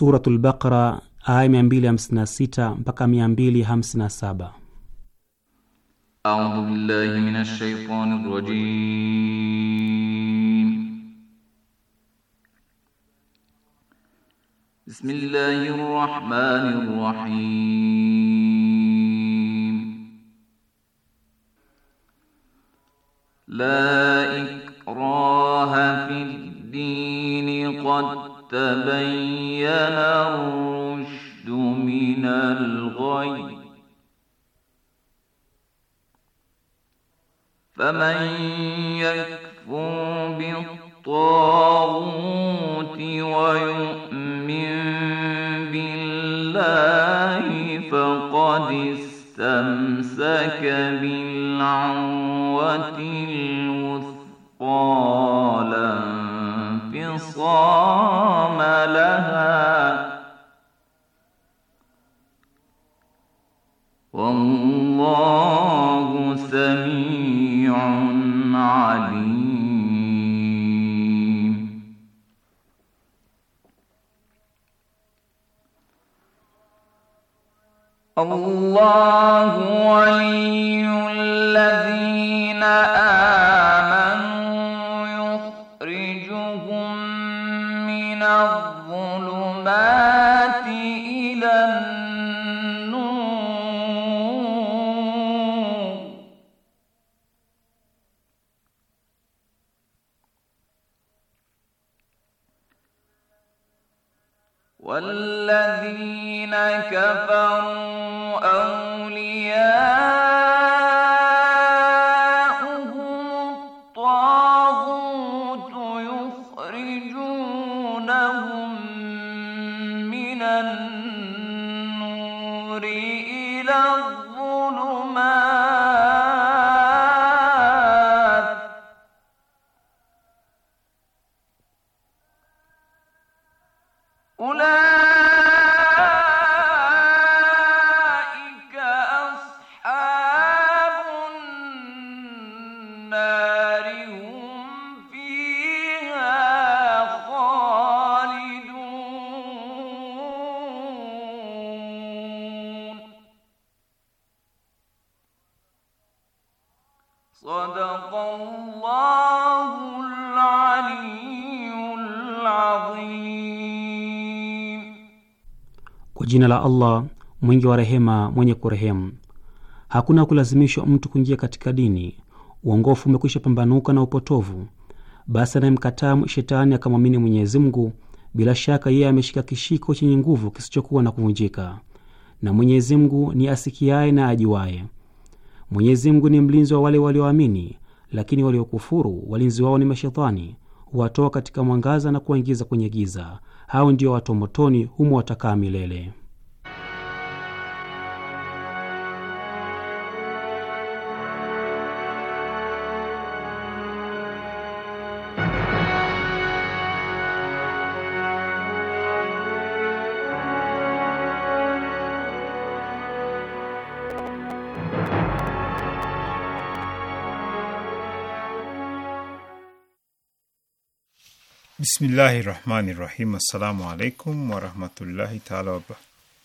Suratul Baqara aya mia na sita mpaka 257. A'udhu billahi minash shaitani rajim الطاغوت ويؤمن بالله فقد استمسك Kwa jina la Allah mwingi wa rehema mwenye kurehemu. Hakuna kulazimishwa mtu kuingia katika dini. Uongofu umekwisha pambanuka na upotovu. Basi anayemkataa shetani akamwamini Mwenyezi Mungu, bila shaka yeye ameshika kishiko chenye nguvu kisichokuwa na kuvunjika, na Mwenyezi Mungu ni asikiaye na ajuaye. Mwenyezi Mungu ni mlinzi wa wale walioamini, lakini waliokufuru walinzi wao ni mashetani, huwatoa katika mwangaza na kuwaingiza kwenye giza. Hao ndio watu motoni humo watakaa milele. Bismillahi rahmani rahim. Assalamu alaikum warahmatullahi taala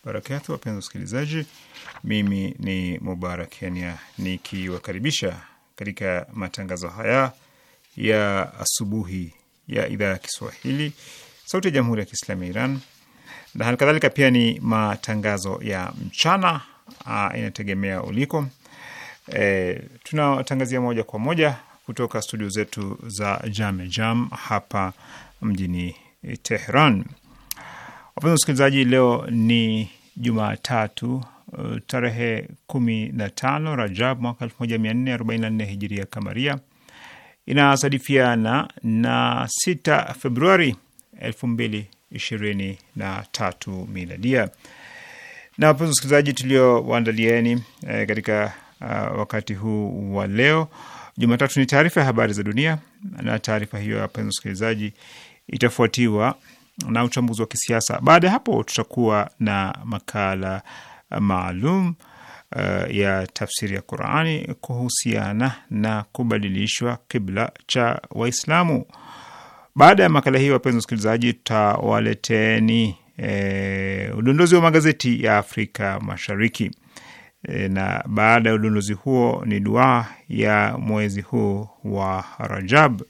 wabarakatu. Wapenzi wasikilizaji, mimi ni Mubarak Kenya nikiwakaribisha katika matangazo haya ya asubuhi ya idhaa ya Kiswahili sauti ya jamhuri ya Kiislamu ya Iran na hali kadhalika pia ni matangazo ya mchana. Uh, inategemea uliko. E, tunatangazia moja kwa moja kutoka studio zetu za Jame Jam hapa mjini Tehran. Wapenzi wasikilizaji, leo ni Jumatatu uh, tarehe kumi na tano Rajab mwaka elfu moja mia nne arobaini na nne hijiria kamaria, inasadifiana na sita Februari elfu mbili ishirini na tatu miladia. Na wapenzi wasikilizaji, tuliowaandalieni e, katika uh, wakati huu wa leo Jumatatu ni taarifa ya habari za dunia, na taarifa hiyo, ya wapenzi wasikilizaji, itafuatiwa na uchambuzi wa kisiasa. Baada ya hapo, tutakuwa na makala maalum uh, ya tafsiri ya Qurani kuhusiana na kubadilishwa kibla cha Waislamu. Baada ya makala hiyo, wapenzi wasikilizaji, tutawaleteni eh, udondozi wa magazeti ya Afrika Mashariki. E, na baada ya udunduzi huo ni dua ya mwezi huu wa Rajab.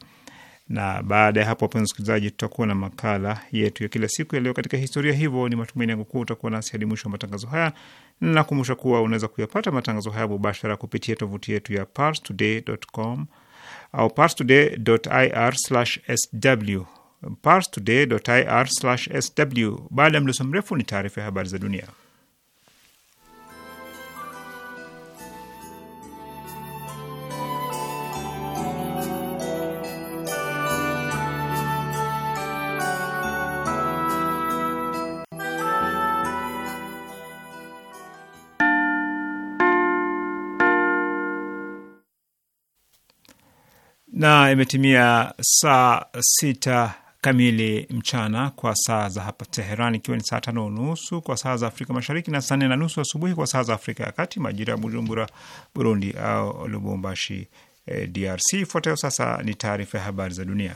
Na baada ya hapo, wapenzi wasikilizaji, tutakuwa na makala yetu ya kila siku yaliyo leo katika historia. Hivyo ni matumaini yangu kuwa utakuwa nasi hadi mwisho wa matangazo haya. Nakumbusha kuwa unaweza kuyapata matangazo haya mubashara kupitia tovuti yetu ya parstoday.com au parstoday.ir/sw, parstoday.ir/sw. Baada ya mdoso mrefu ni taarifa ya habari za dunia na imetimia saa sita kamili mchana kwa saa za hapa Teheran, ikiwa ni saa tano unusu kwa saa za Afrika Mashariki na saa nne na nusu asubuhi kwa saa za Afrika ya Kati, majira ya Bujumbura, Burundi au Lubumbashi, eh, DRC. Ifuatayo sasa ni taarifa ya habari za dunia.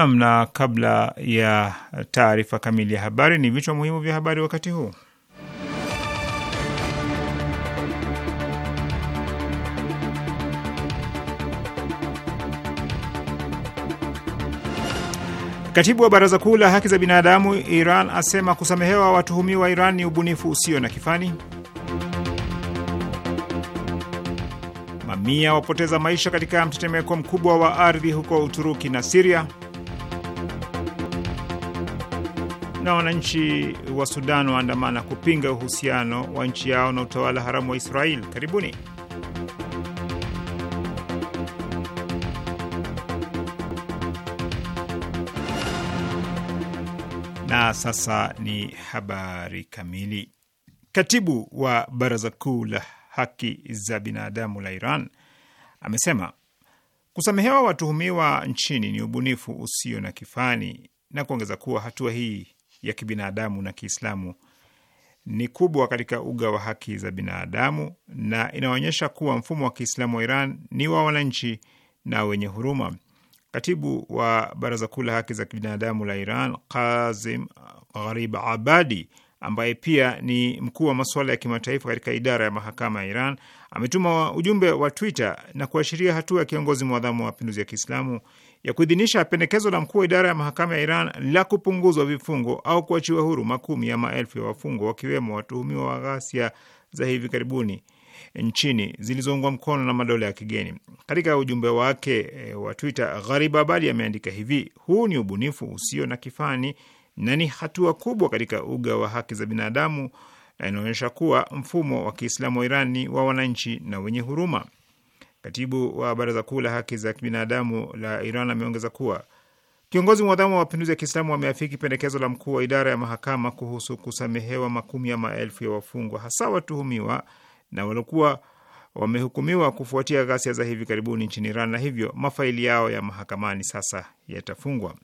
Nam, na kabla ya taarifa kamili ya habari, ni vichwa muhimu vya habari wakati huu. Katibu wa Baraza Kuu la Haki za Binadamu Iran asema kusamehewa watuhumiwa Iran ni ubunifu usio na kifani. Mamia wapoteza maisha katika mtetemeko mkubwa wa ardhi huko Uturuki na Siria. na wananchi wa Sudan waandamana kupinga uhusiano wa nchi yao na utawala haramu wa Israeli. Karibuni. Na sasa ni habari kamili. Katibu wa Baraza Kuu la Haki za Binadamu la Iran amesema kusamehewa watuhumiwa nchini ni ubunifu usio na kifani na kuongeza kuwa hatua hii ya kibinadamu na Kiislamu ni kubwa katika uga wa haki za binadamu na inaonyesha kuwa mfumo wa Kiislamu wa Iran ni wa wananchi na wenye huruma. Katibu wa Baraza Kuu la Haki za Kibinadamu la Iran, Kazim Gharib Abadi, ambaye pia ni mkuu wa masuala ya kimataifa katika idara ya mahakama ya Iran, ametuma ujumbe wa Twitter na kuashiria hatua ya kiongozi mwadhamu wa mapinduzi ya Kiislamu ya kuidhinisha pendekezo la mkuu wa idara ya mahakama ya Iran la kupunguzwa vifungo au kuachiwa huru makumi ya maelfu ya wafungwa wakiwemo watuhumiwa wa ghasia za hivi karibuni nchini zilizoungwa mkono na madola ya kigeni. Katika ujumbe wake e, wa Twitter, Gharib Abadi ameandika hivi: huu ni ubunifu usio na kifani na ni hatua kubwa katika uga wa haki za binadamu na inaonyesha kuwa mfumo wa Kiislamu wa Iran ni wa wananchi na wenye huruma. Katibu wa Baraza Kuu la Haki za Kibinadamu la Iran ameongeza kuwa kiongozi mwadhamu wa mapinduzi ya Kiislamu ameafiki pendekezo la mkuu wa idara ya mahakama kuhusu kusamehewa makumi ya maelfu ya wafungwa, hasa watuhumiwa na waliokuwa wamehukumiwa kufuatia ghasia za hivi karibuni nchini Iran, na hivyo mafaili yao ya mahakamani sasa yatafungwa.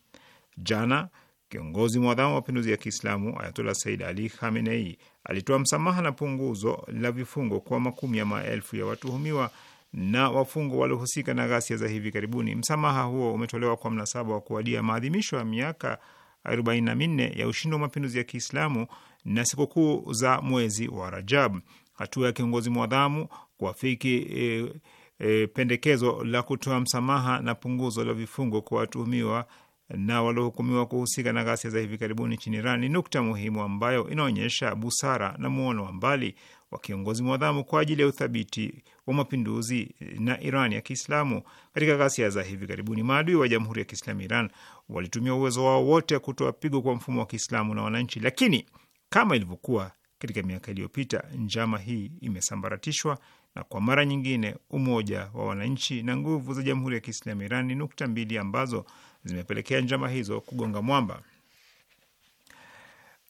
Jana kiongozi mwadhamu wa mapinduzi ya Kiislamu Ayatollah Said Ali Khamenei alitoa msamaha na punguzo la vifungo kwa makumi ya maelfu ya watuhumiwa na wafungwa waliohusika na ghasia za hivi karibuni. Msamaha huo umetolewa kwa mnasaba wa kuwadia maadhimisho ya miaka 44 ya ushindi wa mapinduzi ya Kiislamu na sikukuu za mwezi wa Rajab. Hatua ya kiongozi mwadhamu kuafiki e, e, pendekezo la kutoa msamaha na punguzo la vifungo kwa watuhumiwa na waliohukumiwa kuhusika na ghasia za hivi karibuni nchini Iran ni nukta muhimu ambayo inaonyesha busara na muono wa mbali wa kiongozi mwadhamu kwa ajili ya uthabiti wa mapinduzi na Iran ya Kiislamu. Katika ghasia za hivi karibuni, maadui wa Jamhuri ya Kiislamu Iran walitumia uwezo wao wote kutoa pigo kwa mfumo wa Kiislamu na wananchi, lakini kama ilivyokuwa katika miaka iliyopita, njama hii imesambaratishwa na kwa mara nyingine umoja wa wananchi na nguvu za Jamhuri ya Kiislamu Iran ni nukta mbili ambazo zimepelekea njama hizo kugonga mwamba.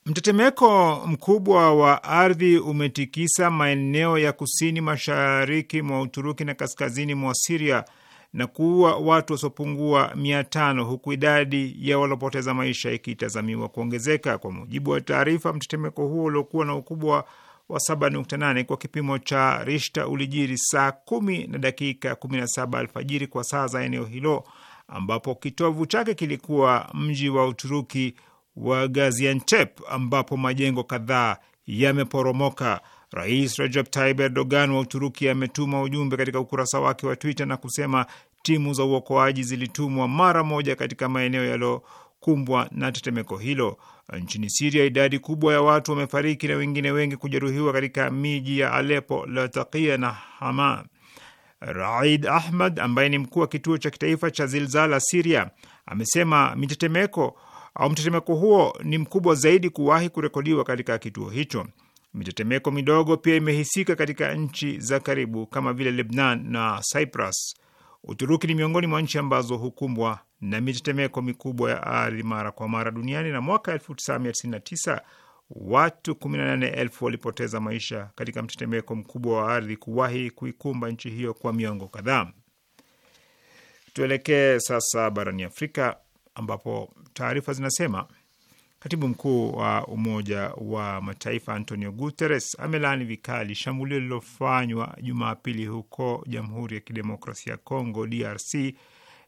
Mtetemeko mkubwa wa ardhi umetikisa maeneo ya kusini mashariki mwa Uturuki na kaskazini mwa Siria na kuua watu wasiopungua mia tano huku idadi ya waliopoteza maisha ikitazamiwa kuongezeka. Kwa mujibu wa taarifa, mtetemeko huo uliokuwa na ukubwa wa 7.8 kwa kipimo cha Rishta ulijiri saa kumi na dakika 17 alfajiri kwa saa za eneo hilo, ambapo kitovu chake kilikuwa mji wa Uturuki wa Gaziantep ambapo majengo kadhaa yameporomoka. Rais Recep Tayyip Erdogan wa Uturuki ametuma ujumbe katika ukurasa wake wa Twitter na kusema timu za uokoaji zilitumwa mara moja katika maeneo yaliyokumbwa na tetemeko hilo. Nchini Siria, idadi kubwa ya watu wamefariki na wengine wengi kujeruhiwa katika miji ya Alepo, Latakia na Hama. Raid Ahmad ambaye ni mkuu wa kituo cha kitaifa cha zilzala Siria amesema mitetemeko au mtetemeko huo ni mkubwa zaidi kuwahi kurekodiwa katika kituo hicho. Mitetemeko midogo pia imehisika katika nchi za karibu kama vile Lebanon na Cyprus. Uturuki ni miongoni mwa nchi ambazo hukumbwa na mitetemeko mikubwa ya ardhi mara kwa mara duniani, na mwaka 1999 watu 18,000 walipoteza maisha katika mtetemeko mkubwa wa ardhi kuwahi kuikumba nchi hiyo kwa miongo kadhaa. Tuelekee sasa barani Afrika ambapo taarifa zinasema katibu mkuu wa Umoja wa Mataifa Antonio Guterres amelaani vikali shambulio lililofanywa Jumapili huko Jamhuri ya Kidemokrasia ya Kongo, DRC,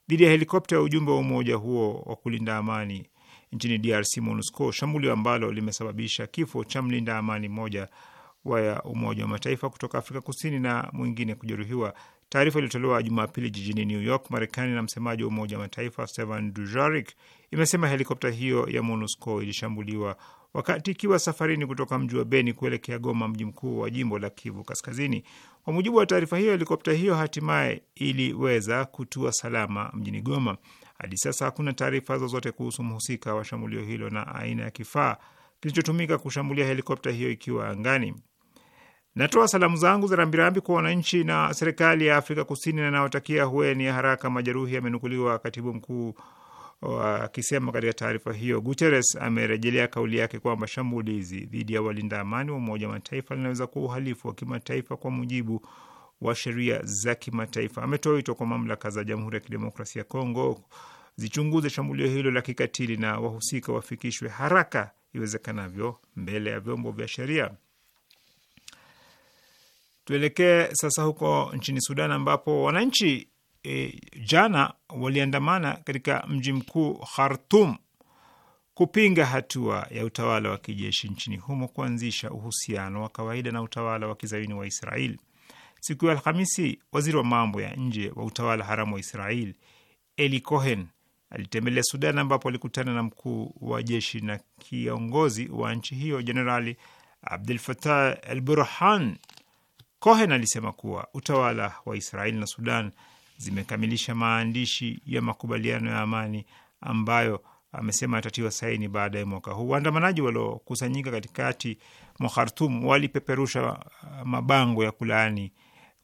dhidi ya helikopta ya ujumbe wa umoja huo wa kulinda amani nchini DRC, MONUSCO, shambulio ambalo limesababisha kifo cha mlinda amani mmoja wa Umoja wa Mataifa kutoka Afrika Kusini na mwingine kujeruhiwa. Taarifa iliyotolewa Jumapili jijini New York, Marekani, na msemaji wa Umoja wa Mataifa Stephane Dujarric imesema helikopta hiyo ya MONUSCO ilishambuliwa wakati ikiwa safarini kutoka mji wa Beni kuelekea Goma, mji mkuu wa jimbo la Kivu Kaskazini. Kwa mujibu wa taarifa hiyo, helikopta hiyo hatimaye iliweza kutua salama mjini Goma. Hadi sasa hakuna taarifa zozote kuhusu mhusika wa shambulio hilo na aina ya kifaa kilichotumika kushambulia helikopta hiyo ikiwa angani. Natoa salamu zangu za rambirambi kwa wananchi na serikali ya Afrika Kusini na nawatakia hueni ya haraka majeruhi, amenukuliwa katibu mkuu uh, akisema katika taarifa hiyo. Guterres amerejelea kauli yake kwamba shambulizi dhidi ya walinda amani wa Umoja wa Mataifa linaweza kuwa uhalifu wa kimataifa kwa mujibu wa sheria za kimataifa. Ametoa wito kwa mamlaka za Jamhuri ya Kidemokrasia ya Kongo zichunguze shambulio hilo la kikatili na wahusika wafikishwe haraka iwezekanavyo mbele ya vyombo vya sheria. Tuelekee sasa huko nchini Sudan ambapo wananchi e, jana waliandamana katika mji mkuu Khartum kupinga hatua ya utawala wa kijeshi nchini humo kuanzisha uhusiano wa kawaida na utawala wa kizayuni wa israel Siku ya Alhamisi, waziri wa mambo ya nje wa utawala haramu wa israel Eli Cohen alitembelea Sudan ambapo alikutana na mkuu wa jeshi na kiongozi wa nchi hiyo Jenerali Abdul Fatah al Burhan Cohen alisema kuwa utawala wa Israeli na Sudan zimekamilisha maandishi ya makubaliano ya amani ambayo amesema atatiwa saini baada ya mwaka huu. Waandamanaji waliokusanyika katikati mwa Khartum walipeperusha uh, mabango ya kulaani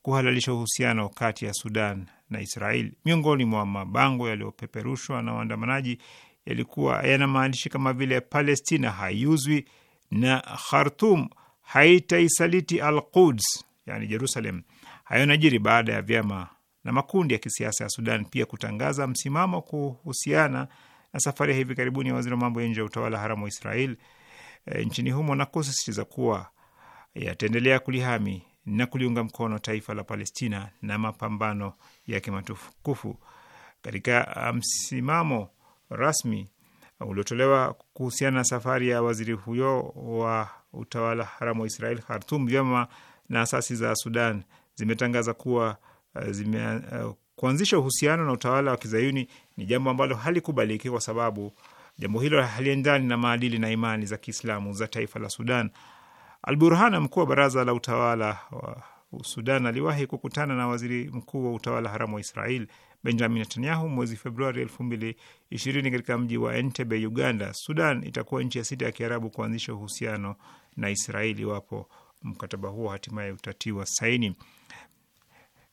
kuhalalisha uhusiano kati ya Sudan na Israel. Miongoni mwa mabango yaliyopeperushwa na waandamanaji yalikuwa yana maandishi kama vile Palestina haiuzwi na Khartum haitaisaliti Al Quds yani Jerusalem. Hayo najiri baada ya vyama na makundi ya kisiasa ya Sudan pia kutangaza msimamo kuhusiana na safari ya hivi karibuni ya waziri wa mambo ya nje ya utawala haramu wa Israel e, nchini humo na kusisitiza kuwa yataendelea kulihami na kuliunga mkono taifa la Palestina na mapambano ya kimatukufu. Katika ah, msimamo rasmi uliotolewa kuhusiana na safari ya waziri huyo wa utawala haramu wa Israel Khartum, vyama na asasi za Sudan zimetangaza kuwa eh, zime, uh, kuanzisha uhusiano na utawala wa kizayuni ni jambo ambalo halikubaliki kwa sababu jambo hilo haliendani na maadili na imani za Kiislamu za taifa la Sudan. Al mkuu wa baraza la utawala wa Sudan, aliwahi kukutana na waziri mkuu wa utawala haramu wa Israel Benjamin Netanyahu mwezi Februari elfu mbili ishirini katika mji wa Entebbe, Uganda. Sudan itakuwa nchi ya sita ya Kiarabu kuanzisha uhusiano na Israeli iwapo mkataba huo hatimaye utatiwa saini.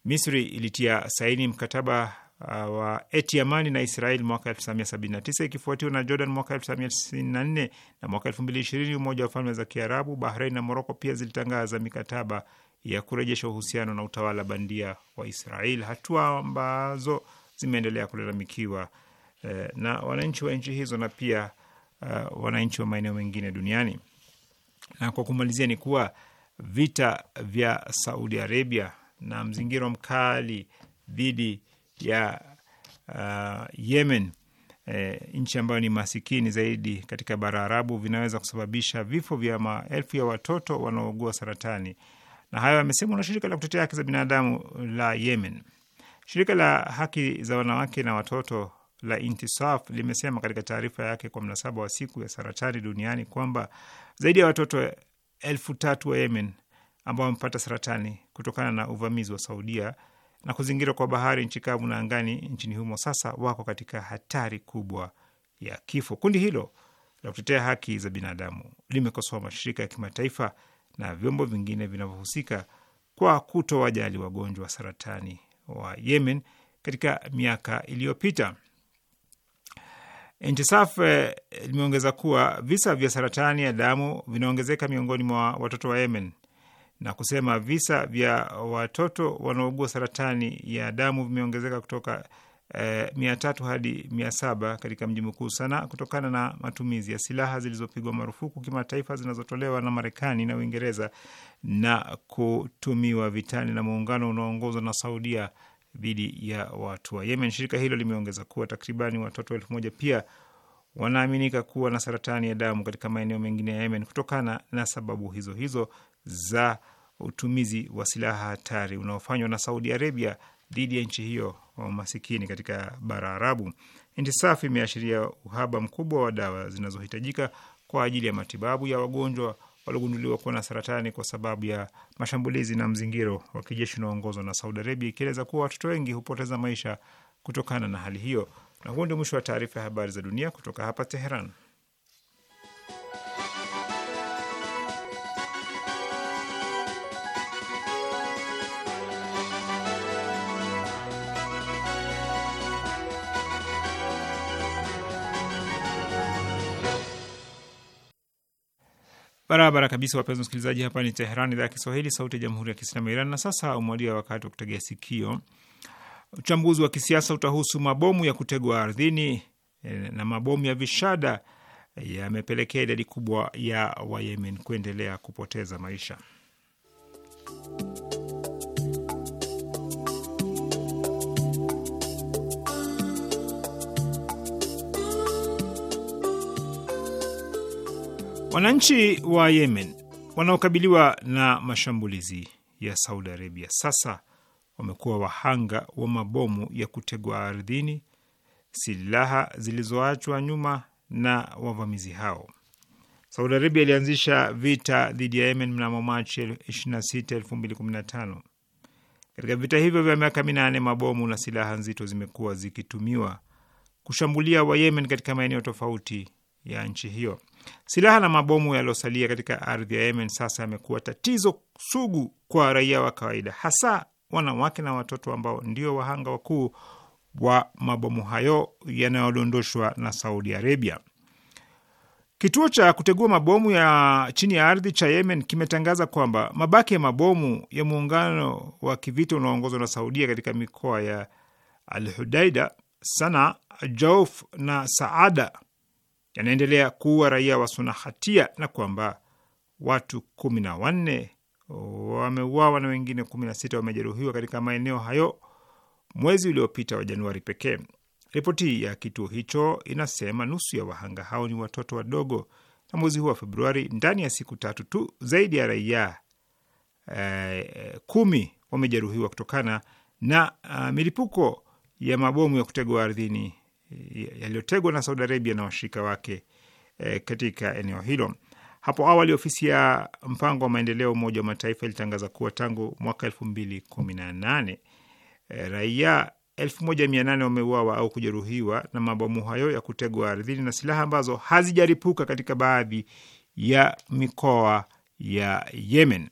Misri ilitia saini mkataba uh, wa eti amani na Israel mwaka 1979 ikifuatiwa na Jordan mwaka 1994 na mwaka 2020 Umoja wa Falme za Kiarabu, Bahrain na Moroko pia zilitangaza mikataba ya kurejesha uhusiano na utawala bandia wa Israel, hatua ambazo zimeendelea kulalamikiwa eh, na wananchi wa nchi hizo na pia uh, wananchi wa maeneo mengine duniani. Na kwa kumalizia ni kuwa vita vya Saudi Arabia na mzingiro mkali dhidi ya uh, Yemen, e, nchi ambayo ni masikini zaidi katika bara Arabu, vinaweza kusababisha vifo vya maelfu ya watoto wanaougua saratani, na hayo amesema na shirika la kutetea haki za binadamu la Yemen. Shirika la haki za wanawake na watoto la Intisaf limesema katika taarifa yake kwa mnasaba wa siku ya saratani duniani kwamba zaidi ya watoto elfu tatu wa Yemen ambao wamepata saratani kutokana na uvamizi wa Saudia na kuzingirwa kwa bahari, nchi kavu na angani nchini humo, sasa wako katika hatari kubwa ya kifo. Kundi hilo la kutetea haki za binadamu limekosoa mashirika ya kimataifa na vyombo vingine vinavyohusika kwa kutowajali wagonjwa wa saratani wa Yemen katika miaka iliyopita. Intisaf eh, limeongeza kuwa visa vya saratani ya damu vinaongezeka miongoni mwa watoto wa Yemen na kusema visa vya watoto wanaougua saratani ya damu vimeongezeka kutoka eh, mia tatu hadi mia saba katika mji mkuu Sana kutokana na matumizi ya silaha zilizopigwa marufuku kimataifa zinazotolewa na Marekani na Uingereza na kutumiwa vitani na muungano unaoongozwa na Saudia dhidi ya watu wa Yemen. Shirika hilo limeongeza kuwa takribani watoto elfu moja pia wanaaminika kuwa na saratani ya damu katika maeneo mengine ya Yemen kutokana na sababu hizo hizo za utumizi wa silaha hatari unaofanywa na Saudi Arabia dhidi ya nchi hiyo masikini katika bara Arabu. safi imeashiria uhaba mkubwa wa dawa zinazohitajika kwa ajili ya matibabu ya wagonjwa waliogunduliwa kuwa na saratani kwa sababu ya mashambulizi na mzingiro wa kijeshi unaoongozwa na Saudi Arabia, ikieleza kuwa watoto wengi hupoteza maisha kutokana na hali hiyo. Na huo ndio mwisho wa taarifa ya habari za dunia kutoka hapa Teheran. Barabara kabisa, wapenzi msikilizaji hapa ni Teheran, idhaa ya Kiswahili, sauti ya jamhuri ya kiislamu ya Iran. Na sasa umewadia wakati wa kutegea sikio. Uchambuzi wa kisiasa utahusu mabomu ya kutegwa ardhini eh, na mabomu ya vishada yamepelekea idadi kubwa ya Wayemen kuendelea kupoteza maisha. Wananchi wa Yemen wanaokabiliwa na mashambulizi ya Saudi Arabia sasa wamekuwa wahanga wa mabomu ya kutegwa ardhini, silaha zilizoachwa nyuma na wavamizi hao. Saudi Arabia ilianzisha vita dhidi ya Yemen mnamo Machi 26, 2015. Katika vita hivyo vya miaka minane, mabomu na silaha nzito zimekuwa zikitumiwa kushambulia Wayemen katika maeneo tofauti ya nchi hiyo. Silaha na mabomu yaliyosalia katika ardhi ya Yemen sasa yamekuwa tatizo sugu kwa raia wa kawaida, hasa wanawake na watoto ambao ndio wahanga wakuu wa mabomu hayo yanayodondoshwa na Saudi Arabia. Kituo cha kutegua mabomu ya chini ya ardhi cha Yemen kimetangaza kwamba mabaki ya mabomu ya muungano wa kivita unaoongozwa na Saudia katika mikoa ya Al Hudaida, Sana, Jauf na Saada yanaendelea kuua raia wasona hatia na kwamba watu kumi na wanne wameuawa na wengine kumi na sita wamejeruhiwa katika maeneo hayo mwezi uliopita wa Januari pekee. Ripoti ya kituo hicho inasema nusu ya wahanga hao ni watoto wadogo, na mwezi huu wa Februari, ndani ya siku tatu tu, zaidi ya raia eh, kumi wamejeruhiwa kutokana na uh, milipuko ya mabomu ya kutegwa ardhini yaliyotegwa na Saudi Arabia na washirika wake e, katika eneo hilo. Hapo awali ofisi ya mpango wa maendeleo Umoja wa Mataifa ilitangaza kuwa tangu mwaka elfu mbili kumi na nane e, raia elfu moja mia nane wameuawa au kujeruhiwa na mabomu hayo ya kutegwa ardhini na silaha ambazo hazijaripuka katika baadhi ya mikoa ya Yemen.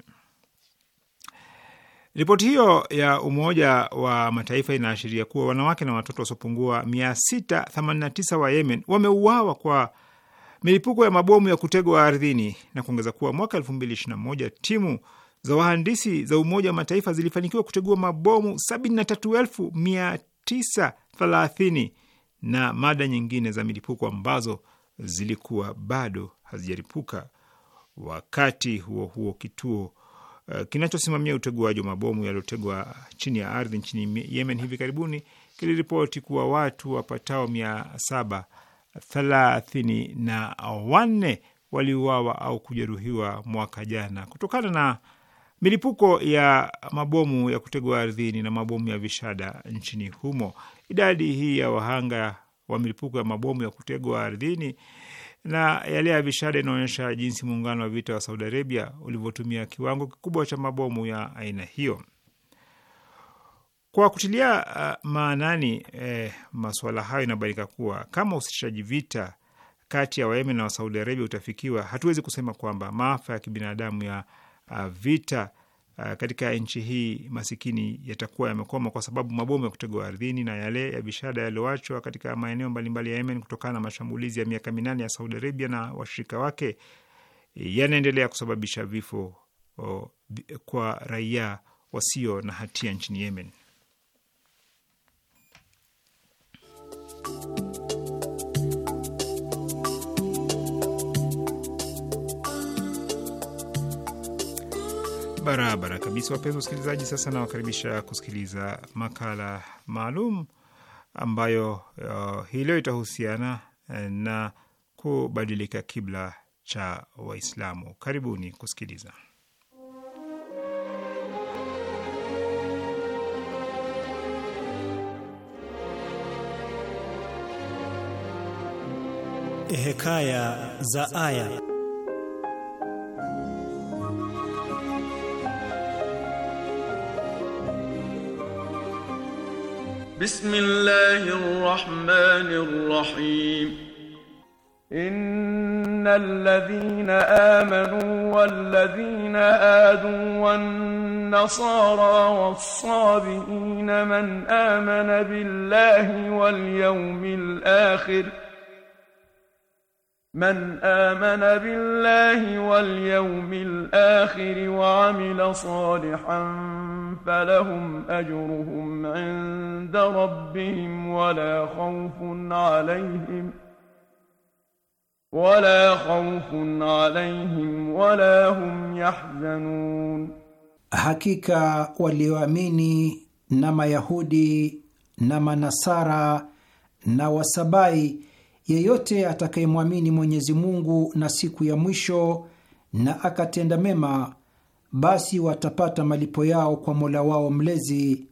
Ripoti hiyo ya Umoja wa Mataifa inaashiria kuwa wanawake na watoto wasiopungua 689 wa Yemen wameuawa kwa milipuko ya mabomu ya kutegwa ardhini na kuongeza kuwa mwaka 2021 timu za wahandisi za Umoja wa Mataifa zilifanikiwa kutegua mabomu 73930 na mada nyingine za milipuko ambazo zilikuwa bado hazijaripuka. Wakati huo huo, kituo Eh, kinachosimamia uteguaji wa mabomu yaliyotegwa chini ya ardhi nchini Yemen hivi karibuni kiliripoti kuwa watu wapatao mia saba thelathini na wanne waliuawa au kujeruhiwa mwaka jana kutokana na milipuko ya mabomu ya kutegwa ardhini na mabomu ya vishada nchini humo. Idadi hii ya wahanga wa milipuko ya mabomu ya kutegwa ardhini na yale ya Bishara inaonyesha jinsi muungano wa vita wa Saudi Arabia ulivyotumia kiwango kikubwa cha mabomu ya aina hiyo. Kwa kutilia uh, maanani eh, masuala hayo, inabainika kuwa kama usitishaji vita kati ya Wayemen na Wasaudi Arabia utafikiwa, hatuwezi kusema kwamba maafa ya kibinadamu ya uh, vita uh, katika nchi hii masikini yatakuwa yamekwama kwa sababu mabomu ya kutegwa ardhini na yale ya bishada yaliyoachwa katika maeneo mbalimbali ya Yemen kutokana na mashambulizi ya miaka minane ya Saudi Arabia na washirika wake yanaendelea kusababisha vifo o, kwa raia wasio na hatia nchini Yemen. barabara kabisa, wapenzi wasikilizaji. Sasa nawakaribisha kusikiliza makala maalum ambayo uh, hii leo itahusiana eh, na kubadilika kibla cha Waislamu. Karibuni kusikiliza. Hekaya za Aya. بسم الله الرحمن الرحيم إن الذين آمنوا والذين آدوا والنصارى والصابئين من آمن بالله واليوم الآخر من آمن بالله واليوم الآخر وعمل صالحاً فلهم أجرهم عند ربهم ولا خوف عليهم ولا خوف عليهم ولا هم يحزنون Hakika walioamini نما يهودي نما نصارى na Wasabai, yeyote atakayemwamini Mwenyezi Mungu na siku ya mwisho na akatenda mema basi watapata malipo yao kwa Mola wao Mlezi,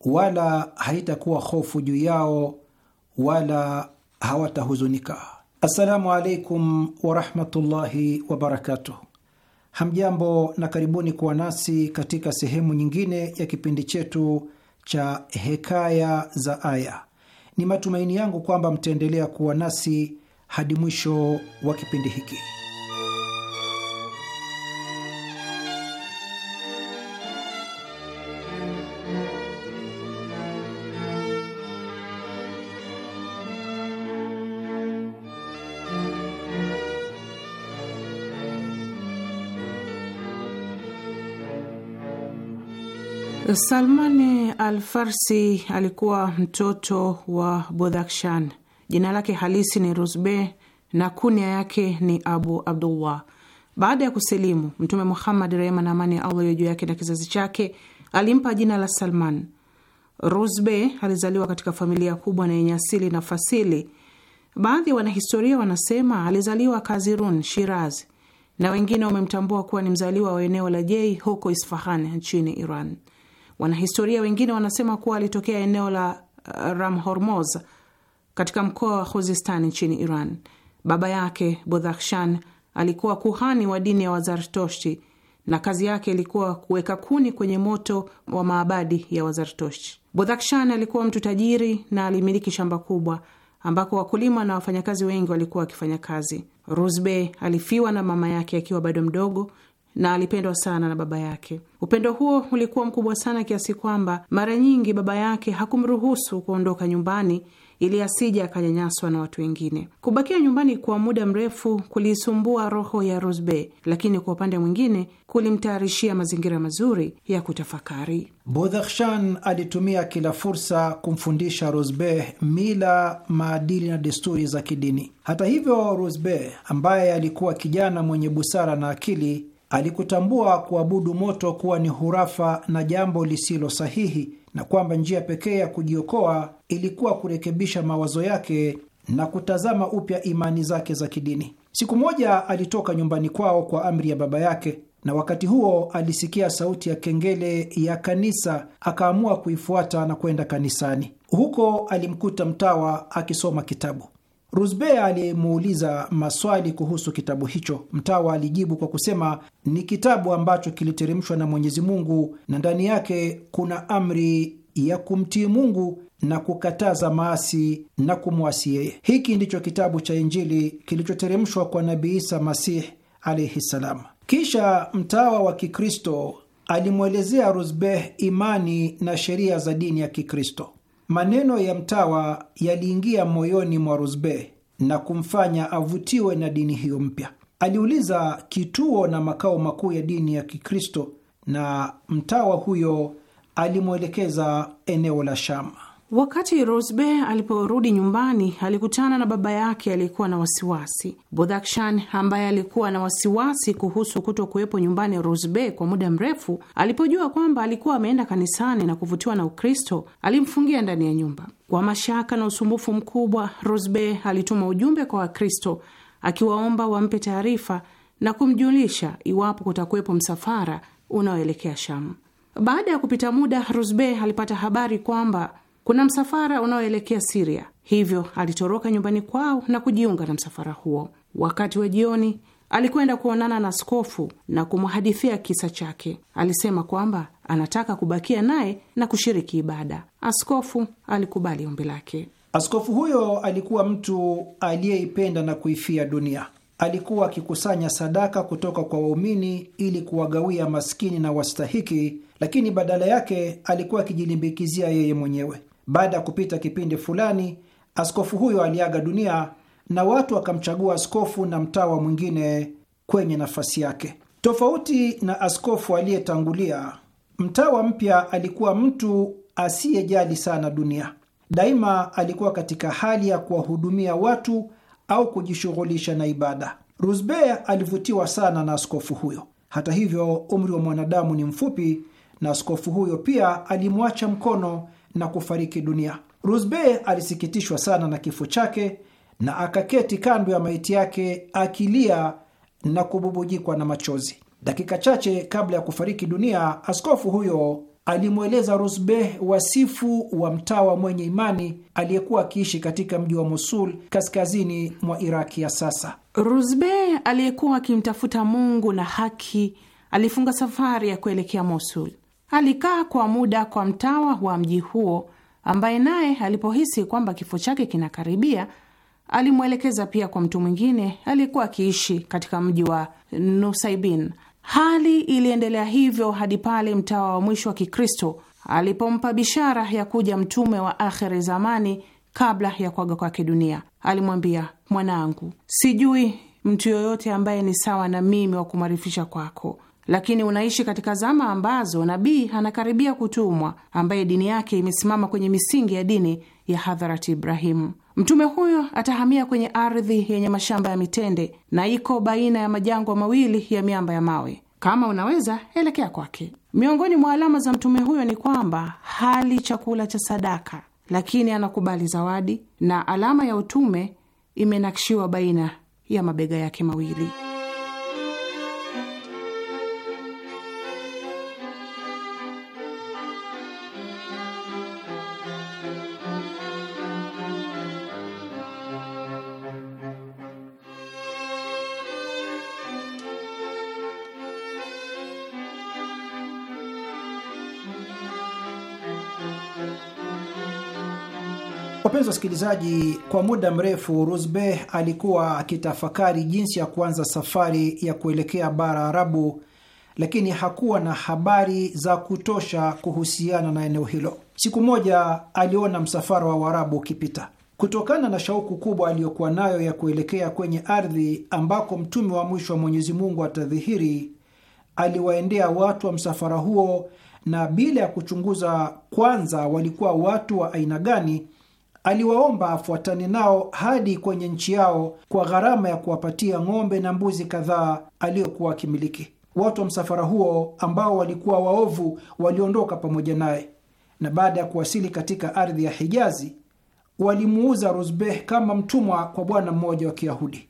wala haitakuwa hofu juu yao wala hawatahuzunika. Assalamu alaikum warahmatullahi wabarakatuh. Hamjambo na karibuni kuwa nasi katika sehemu nyingine ya kipindi chetu cha Hekaya za Aya. Ni matumaini yangu kwamba mtaendelea kuwa nasi hadi mwisho wa kipindi hiki. Salmani Al Farsi alikuwa mtoto wa Bodhakshan. Jina lake halisi ni Rusbe na kunia yake ni Abu Abdullah. Baada ya kusilimu, Mtume Muhammad, rehema na amani ya Allah iwe juu yake na kizazi chake, alimpa jina la Salman. Rusbe alizaliwa katika familia kubwa na yenye asili na fasili. Baadhi ya wanahistoria wanasema alizaliwa Kazirun, Shiraz, na wengine wamemtambua kuwa ni mzaliwa wa eneo la Jei huko Isfahan nchini Iran. Wanahistoria wengine wanasema kuwa alitokea eneo la uh, Ramhormoz katika mkoa wa Khuzistan nchini Iran. Baba yake Bodhakshan alikuwa kuhani wa dini ya Wazartoshti na kazi yake ilikuwa kuweka kuni kwenye moto wa maabadi ya Wazartoshti. Bodhakshan alikuwa mtu tajiri na alimiliki shamba kubwa ambako wakulima na wafanyakazi wengi walikuwa wakifanya kazi. Ruzbe alifiwa na mama yake akiwa bado mdogo na alipendwa sana na baba yake. Upendo huo ulikuwa mkubwa sana kiasi kwamba mara nyingi baba yake hakumruhusu kuondoka nyumbani ili asija akanyanyaswa na watu wengine. Kubakia nyumbani kwa muda mrefu kuliisumbua roho ya Rosbe, lakini kwa upande mwingine kulimtayarishia mazingira mazuri ya kutafakari. Bodhakshan alitumia kila fursa kumfundisha Rosbe mila, maadili na desturi za kidini. Hata hivyo, Rosbe ambaye alikuwa kijana mwenye busara na akili Alikutambua kuabudu moto kuwa ni hurafa na jambo lisilo sahihi, na kwamba njia pekee ya kujiokoa ilikuwa kurekebisha mawazo yake na kutazama upya imani zake za kidini. Siku moja alitoka nyumbani kwao kwa amri ya baba yake, na wakati huo alisikia sauti ya kengele ya kanisa, akaamua kuifuata na kwenda kanisani. Huko alimkuta mtawa akisoma kitabu. Rusbeh alimuuliza maswali kuhusu kitabu hicho. Mtawa alijibu kwa kusema ni kitabu ambacho kiliteremshwa na Mwenyezi Mungu na ndani yake kuna amri ya kumtii Mungu na kukataza maasi na kumwasi yeye. Hiki ndicho kitabu cha Injili kilichoteremshwa kwa Nabii Isa Masih alaihi ssalam. Kisha mtawa wa Kikristo alimwelezea Rusbeh imani na sheria za dini ya Kikristo. Maneno ya mtawa yaliingia moyoni mwa rusbe na kumfanya avutiwe na dini hiyo mpya. Aliuliza kituo na makao makuu ya dini ya Kikristo, na mtawa huyo alimwelekeza eneo la shama Wakati Rosbe aliporudi nyumbani alikutana na baba yake aliyekuwa na wasiwasi. Bodakshan, ambaye alikuwa na wasiwasi kuhusu kuto kuwepo nyumbani Rosbe kwa muda mrefu, alipojua kwamba alikuwa ameenda kanisani na kuvutiwa na Ukristo, alimfungia ndani ya nyumba. Kwa mashaka na usumbufu mkubwa, Rosbe alituma ujumbe kwa Wakristo akiwaomba wampe taarifa na kumjulisha iwapo kutakuwepo msafara unaoelekea Shamu. Baada ya kupita muda, Rosbe alipata habari kwamba kuna msafara unaoelekea Siria, hivyo alitoroka nyumbani kwao na kujiunga na msafara huo. Wakati wa jioni alikwenda kuonana na skofu na kumhadithia kisa chake. Alisema kwamba anataka kubakia naye na kushiriki ibada. Askofu alikubali ombi lake. Askofu huyo alikuwa mtu aliyeipenda na kuifia dunia. Alikuwa akikusanya sadaka kutoka kwa waumini ili kuwagawia maskini na wastahiki, lakini badala yake alikuwa akijilimbikizia yeye mwenyewe. Baada ya kupita kipindi fulani, askofu huyo aliaga dunia na watu wakamchagua askofu na mtawa mwingine kwenye nafasi yake. Tofauti na askofu aliyetangulia, mtawa mpya alikuwa mtu asiyejali sana dunia. Daima alikuwa katika hali ya kuwahudumia watu au kujishughulisha na ibada. rusbe alivutiwa sana na askofu huyo. Hata hivyo, umri wa mwanadamu ni mfupi, na askofu huyo pia alimwacha mkono na kufariki dunia. Rusbe alisikitishwa sana na kifo chake na akaketi kando ya maiti yake akilia na kububujikwa na machozi. Dakika chache kabla ya kufariki dunia, askofu huyo alimweleza Rusbeh wasifu wa mtawa mwenye imani aliyekuwa akiishi katika mji wa Mosul kaskazini mwa Iraki ya sasa. Rusbeh aliyekuwa akimtafuta Mungu na haki alifunga safari ya kuelekea Mosul. Alikaa kwa muda kwa mtawa wa mji huo, ambaye naye alipohisi kwamba kifo chake kinakaribia, alimwelekeza pia kwa mtu mwingine aliyekuwa akiishi katika mji wa Nusaibin. Hali iliendelea hivyo hadi pale mtawa wa mwisho wa Kikristo alipompa bishara ya kuja mtume wa akhiri zamani kabla ya kuaga kwake dunia. Alimwambia, mwanangu, sijui mtu yoyote ambaye ni sawa na mimi wa kumwarifisha kwako lakini unaishi katika zama ambazo nabii anakaribia kutumwa, ambaye dini yake imesimama kwenye misingi ya dini ya hadharati Ibrahimu. Mtume huyo atahamia kwenye ardhi yenye mashamba ya mitende na iko baina ya majangwa mawili ya miamba ya mawe. Kama unaweza elekea kwake. Miongoni mwa alama za mtume huyo ni kwamba hali chakula cha sadaka, lakini anakubali zawadi, na alama ya utume imenakshiwa baina ya mabega yake mawili. Wapenzi wasikilizaji, kwa muda mrefu Rusbeh alikuwa akitafakari jinsi ya kuanza safari ya kuelekea bara Arabu, lakini hakuwa na habari za kutosha kuhusiana na eneo hilo. Siku moja aliona msafara wa Waarabu ukipita. Kutokana na shauku kubwa aliyokuwa nayo ya kuelekea kwenye ardhi ambako mtume wa mwisho wa Mwenyezi Mungu atadhihiri, aliwaendea watu wa msafara huo, na bila ya kuchunguza kwanza walikuwa watu wa aina gani aliwaomba afuatane nao hadi kwenye nchi yao kwa gharama ya kuwapatia ng'ombe na mbuzi kadhaa aliyokuwa akimiliki. Watu wa msafara huo ambao walikuwa waovu waliondoka pamoja naye, na baada ya kuwasili katika ardhi ya Hijazi walimuuza Rusbeh kama mtumwa kwa bwana mmoja wa Kiyahudi.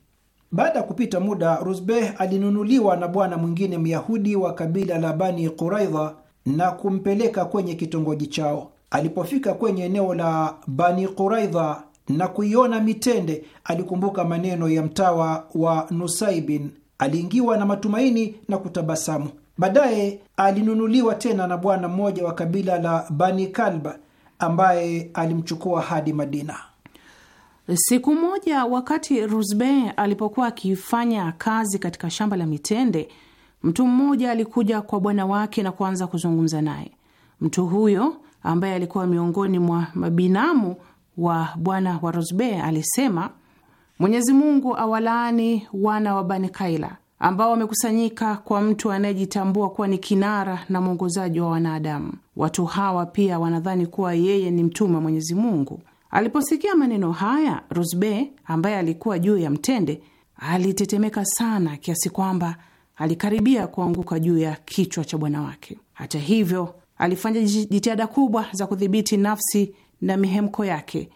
Baada ya kupita muda, Rusbeh alinunuliwa na bwana mwingine Myahudi wa kabila la Bani Quraidha na kumpeleka kwenye kitongoji chao. Alipofika kwenye eneo la Bani Quraidha na kuiona mitende, alikumbuka maneno ya mtawa wa Nusaibin. Aliingiwa na matumaini na kutabasamu. Baadaye alinunuliwa tena na bwana mmoja wa kabila la Bani kalb ambaye alimchukua hadi Madina. Siku moja wakati Rusbe alipokuwa akifanya kazi katika shamba la mitende, mtu mmoja alikuja kwa bwana wake na kuanza kuzungumza naye. Mtu huyo ambaye alikuwa miongoni mwa mabinamu wa bwana wa Rosbe alisema, Mwenyezi Mungu awalaani wana wa Bani Kaila ambao wamekusanyika kwa mtu anayejitambua kuwa ni kinara na mwongozaji wa wanadamu. Watu hawa pia wanadhani kuwa yeye ni mtume wa Mwenyezi Mungu. Aliposikia maneno haya, Rosbe ambaye alikuwa juu ya mtende alitetemeka sana kiasi kwamba alikaribia kuanguka juu ya kichwa cha bwana wake. Hata hivyo Alifanya jitihada kubwa za kudhibiti nafsi na mihemko yake,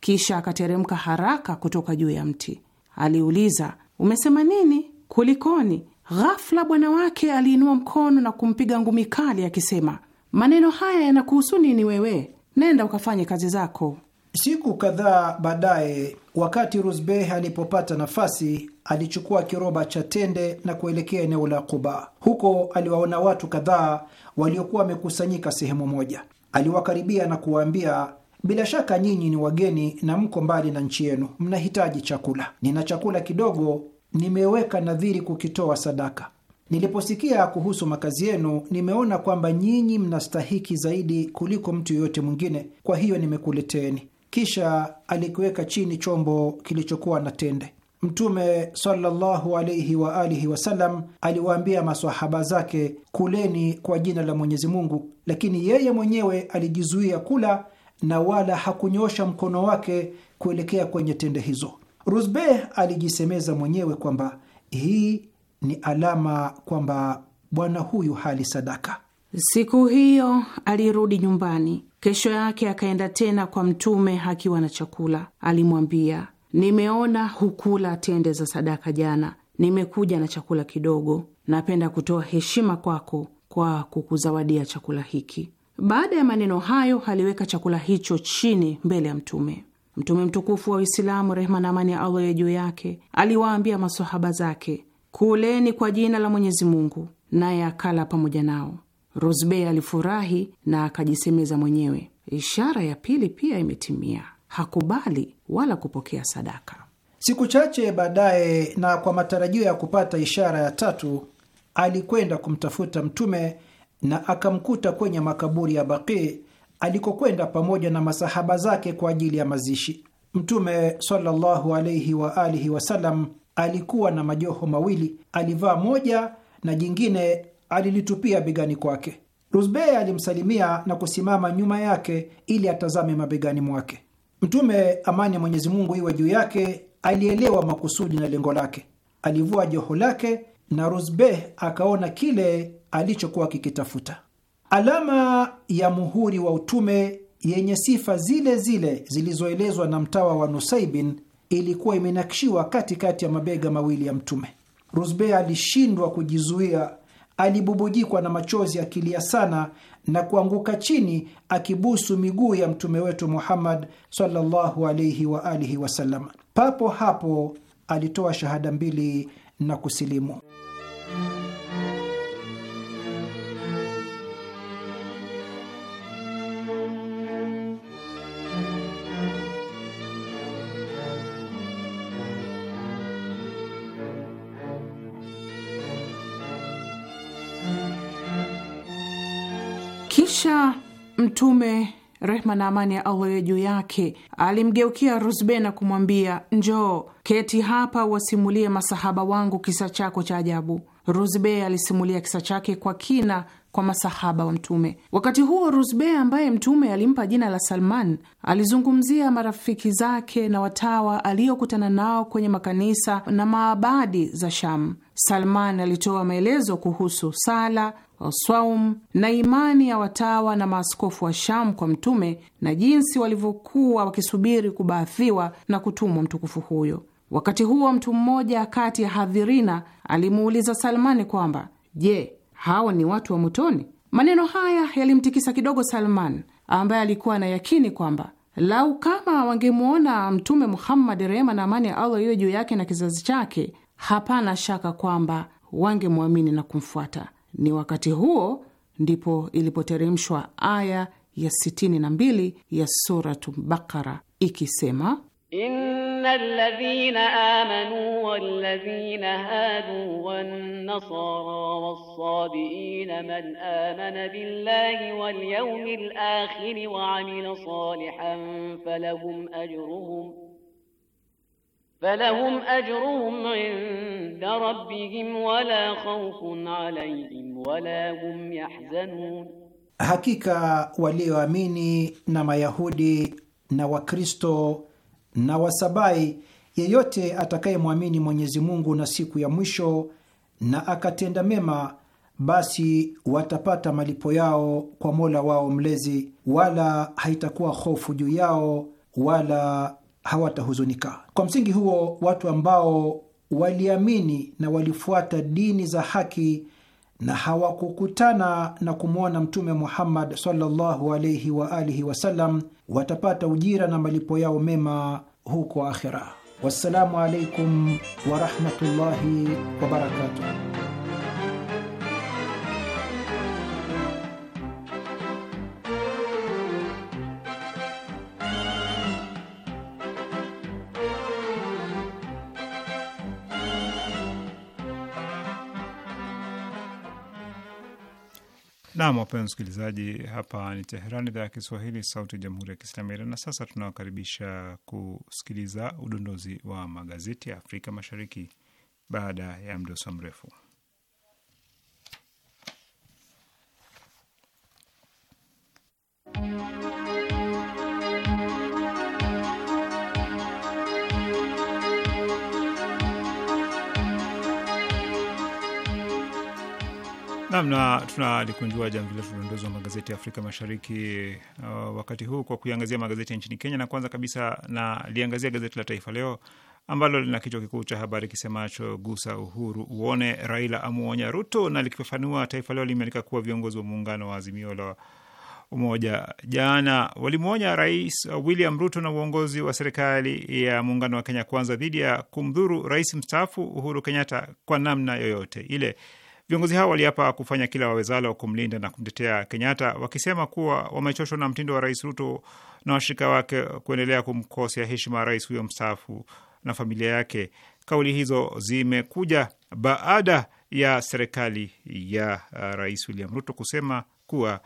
kisha akateremka haraka kutoka juu ya mti. Aliuliza, umesema nini? Kulikoni? Ghafla bwana wake aliinua mkono na kumpiga ngumi kali akisema, maneno haya yanakuhusu nini wewe? Nenda ukafanye kazi zako. Siku kadhaa baadaye Wakati Rusbeh alipopata nafasi, alichukua kiroba cha tende na kuelekea eneo la Quba. Huko aliwaona watu kadhaa waliokuwa wamekusanyika sehemu moja. Aliwakaribia na kuwaambia, bila shaka nyinyi ni wageni na mko mbali na nchi yenu, mnahitaji chakula. Nina chakula kidogo, nimeweka nadhiri kukitoa sadaka. Niliposikia kuhusu makazi yenu, nimeona kwamba nyinyi mnastahiki zaidi kuliko mtu yoyote mwingine, kwa hiyo nimekuleteni kisha alikiweka chini chombo kilichokuwa na tende. Mtume sallallahu alaihi wa alihi wasallam aliwaambia masahaba zake, kuleni kwa jina la Mwenyezi Mungu, lakini yeye mwenyewe alijizuia kula na wala hakunyosha mkono wake kuelekea kwenye tende hizo. Rusbeh alijisemeza mwenyewe kwamba hii ni alama kwamba bwana huyu hali sadaka. Siku hiyo alirudi nyumbani Kesho yake akaenda tena kwa Mtume akiwa na chakula. Alimwambia, nimeona hukula tende za sadaka jana, nimekuja na chakula kidogo. Napenda kutoa heshima kwako kwa kukuzawadia chakula hiki. Baada ya maneno hayo, aliweka chakula hicho chini mbele ya Mtume. Mtume mtukufu wa Uislamu, rehma na amani ya Allah ya juu yake, aliwaambia masahaba zake, kuleni kwa jina la Mwenyezi Mungu, naye akala pamoja nao. Rosbey alifurahi na akajisemeza mwenyewe, ishara ya pili pia imetimia, hakubali wala kupokea sadaka. Siku chache baadaye, na kwa matarajio ya kupata ishara ya tatu, alikwenda kumtafuta Mtume na akamkuta kwenye makaburi ya Baqi alikokwenda pamoja na masahaba zake kwa ajili ya mazishi. Mtume sallallahu wa alihi wasallam alikuwa na majoho mawili, alivaa moja na jingine alilitupia begani kwake. Rusbeh alimsalimia na kusimama nyuma yake ili atazame mabegani mwake. Mtume, amani ya Mwenyezi Mungu iwe juu yake, alielewa makusudi na lengo lake. Alivua joho lake na Rusbeh akaona kile alichokuwa kikitafuta, alama ya muhuri wa utume yenye sifa zile zile zilizoelezwa na mtawa wa Nusaibin ilikuwa imenakshiwa katikati ya mabega mawili ya Mtume. Rusbeh alishindwa kujizuia alibubujikwa na machozi akilia sana na kuanguka chini akibusu miguu ya mtume wetu Muhammad sallallahu alaihi wa alihi wasallam. Papo hapo alitoa shahada mbili na kusilimu. Kisha Mtume rehma na amani ya Allah ya juu yake alimgeukia Rusbe na kumwambia, njoo keti hapa, wasimulie masahaba wangu kisa chako cha ajabu. Rusbe alisimulia kisa chake kwa kina kwa masahaba wa Mtume. Wakati huo Rusbe, ambaye Mtume alimpa jina la Salman, alizungumzia marafiki zake na watawa aliyokutana nao kwenye makanisa na maabadi za Sham. Salman alitoa maelezo kuhusu sala, swaum na imani ya watawa na maaskofu wa Sham kwa Mtume na jinsi walivyokuwa wakisubiri kubaathiwa na kutumwa mtukufu huyo. Wakati huo mtu mmoja kati ya hadhirina alimuuliza Salmani kwamba je, hawa ni watu wa motoni? Maneno haya yalimtikisa kidogo Salman, ambaye alikuwa na yakini kwamba lau kama wangemwona Mtume Muhammad, rehema na amani ya Allah iwe juu yake na kizazi chake, hapana shaka kwamba wangemwamini na kumfuata. Ni wakati huo ndipo ilipoteremshwa aya ya 62 ya Suratu Bakara ikisema إن الذين آمنوا والذين هادوا والنصارى والصابئين من آمن بالله واليوم الآخر وعمل صالحا فلهم أجرهم فلهم أجرهم عند ربهم ولا خوف عليهم ولا هم يحزنون hakika walioamini نما يهودي نوا كريستو na Wasabai, yeyote atakayemwamini Mwenyezi Mungu na siku ya mwisho na akatenda mema, basi watapata malipo yao kwa Mola wao Mlezi, wala haitakuwa hofu juu yao wala hawatahuzunika. Kwa msingi huo, watu ambao waliamini na walifuata dini za haki na hawakukutana na kumwona Mtume Muhammad sallallahu alaihi wa alihi wasallam, watapata ujira na malipo yao mema huko akhira. Wassalamu alaikum warahmatullahi wabarakatuh. Nam, wapenzi msikilizaji, hapa ni Teheran, idhaa ya Kiswahili, sauti ya jamhuri ya kiislamu ya Iran. Na sasa tunawakaribisha kusikiliza udondozi wa magazeti ya Afrika Mashariki baada ya mdoso mrefu. Nam na tunalikunjua jamvi letu la wa magazeti ya Afrika Mashariki uh, wakati huu kwa kuiangazia magazeti ya nchini Kenya, na kwanza kabisa na liangazia gazeti la Taifa Leo ambalo lina kichwa kikuu cha habari kisemacho gusa uhuru uone, Raila amuonya Ruto. Na likifafanua, Taifa Leo limeandika kuwa viongozi wa muungano wa Azimio la Umoja jana walimwonya Rais William Ruto na uongozi wa serikali ya muungano wa Kenya Kwanza dhidi ya kumdhuru rais mstaafu Uhuru Kenyatta kwa namna yoyote ile. Viongozi hao waliapa kufanya kila wawezalo kumlinda na kumtetea Kenyatta, wakisema kuwa wamechoshwa na mtindo wa Rais Ruto na washirika wake kuendelea kumkosea heshima rais huyo mstaafu na familia yake. Kauli hizo zimekuja baada ya serikali ya uh, Rais William Ruto kusema kuwa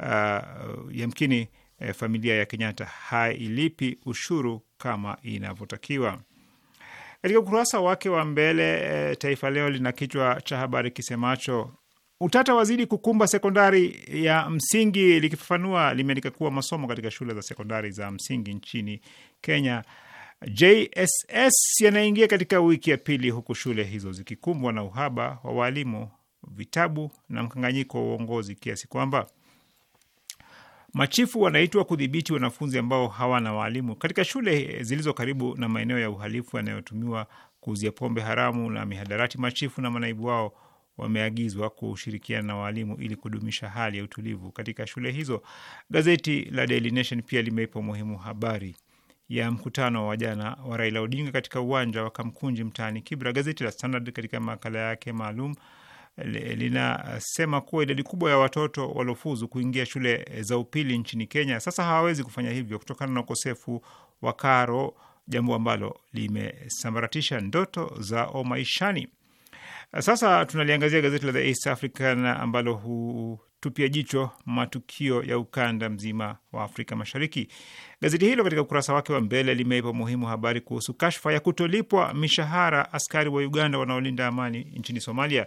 uh, yamkini eh, familia ya Kenyatta hailipi ushuru kama inavyotakiwa. Katika ukurasa wake wa mbele e, Taifa Leo lina kichwa cha habari kisemacho utata wazidi kukumba sekondari ya msingi. Likifafanua, limeandika kuwa masomo katika shule za sekondari za msingi nchini Kenya JSS yanaingia katika wiki ya pili, huku shule hizo zikikumbwa na uhaba wa waalimu vitabu na mkanganyiko wa uongozi kiasi kwamba Machifu wanaitwa kudhibiti wanafunzi ambao hawana waalimu katika shule zilizo karibu na maeneo ya uhalifu yanayotumiwa kuuzia pombe haramu na mihadarati. Machifu na manaibu wao wameagizwa kushirikiana na waalimu ili kudumisha hali ya utulivu katika shule hizo. Gazeti la Daily Nation pia limeipa umuhimu habari ya mkutano wa jana wa Raila Odinga katika uwanja wa Kamkunji mtaani Kibra. Gazeti la Standard katika makala yake maalum linasema kuwa idadi kubwa ya watoto waliofuzu kuingia shule za upili nchini Kenya sasa hawawezi kufanya hivyo kutokana na ukosefu wa karo, jambo ambalo limesambaratisha ndoto za maishani. Sasa tunaliangazia gazeti la The East African ambalo hutupia jicho matukio ya ukanda mzima wa Afrika Mashariki. Gazeti hilo katika ukurasa wake wa mbele limeipa muhimu habari kuhusu kashfa ya kutolipwa mishahara askari wa Uganda wanaolinda amani nchini Somalia.